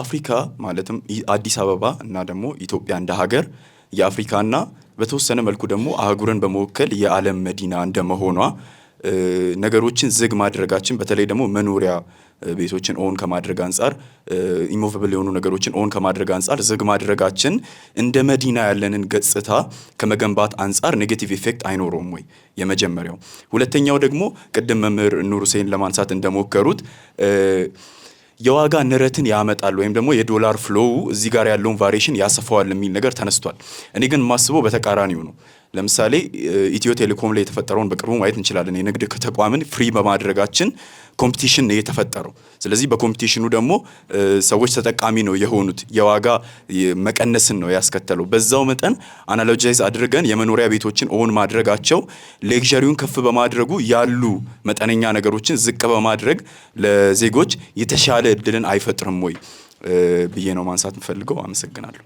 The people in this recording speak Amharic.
አፍሪካ ማለትም አዲስ አበባ እና ደግሞ ኢትዮጵያ እንደ ሀገር የአፍሪካና በተወሰነ መልኩ ደግሞ አህጉርን በመወከል የዓለም መዲና እንደመሆኗ ነገሮችን ዝግ ማድረጋችን በተለይ ደግሞ መኖሪያ ቤቶችን ኦን ከማድረግ አንጻር ኢሞቨብል የሆኑ ነገሮችን ኦን ከማድረግ አንጻር ዝግ ማድረጋችን እንደ መዲና ያለንን ገጽታ ከመገንባት አንጻር ኔጌቲቭ ኢፌክት አይኖረውም ወይ? የመጀመሪያው። ሁለተኛው ደግሞ ቅድም መምህር ኑር ሁሴን ለማንሳት እንደሞከሩት የዋጋ ንረትን ያመጣል ወይም ደግሞ የዶላር ፍሎው እዚህ ጋር ያለውን ቫሪዬሽን ያሰፋዋል የሚል ነገር ተነስቷል። እኔ ግን ማስበው በተቃራኒው ነው። ለምሳሌ ኢትዮ ቴሌኮም ላይ የተፈጠረውን በቅርቡ ማየት እንችላለን። የንግድ ተቋምን ፍሪ በማድረጋችን ኮምፒቲሽን ነው የተፈጠረው። ስለዚህ በኮምፒቲሽኑ ደግሞ ሰዎች ተጠቃሚ ነው የሆኑት። የዋጋ መቀነስን ነው ያስከተለው። በዛው መጠን አናሎጃይዝ አድርገን የመኖሪያ ቤቶችን ኦን ማድረጋቸው ሌክዠሪውን ከፍ በማድረጉ ያሉ መጠነኛ ነገሮችን ዝቅ በማድረግ ለዜጎች የተሻለ እድልን አይፈጥርም ወይ ብዬ ነው ማንሳት የምፈልገው። አመሰግናለሁ።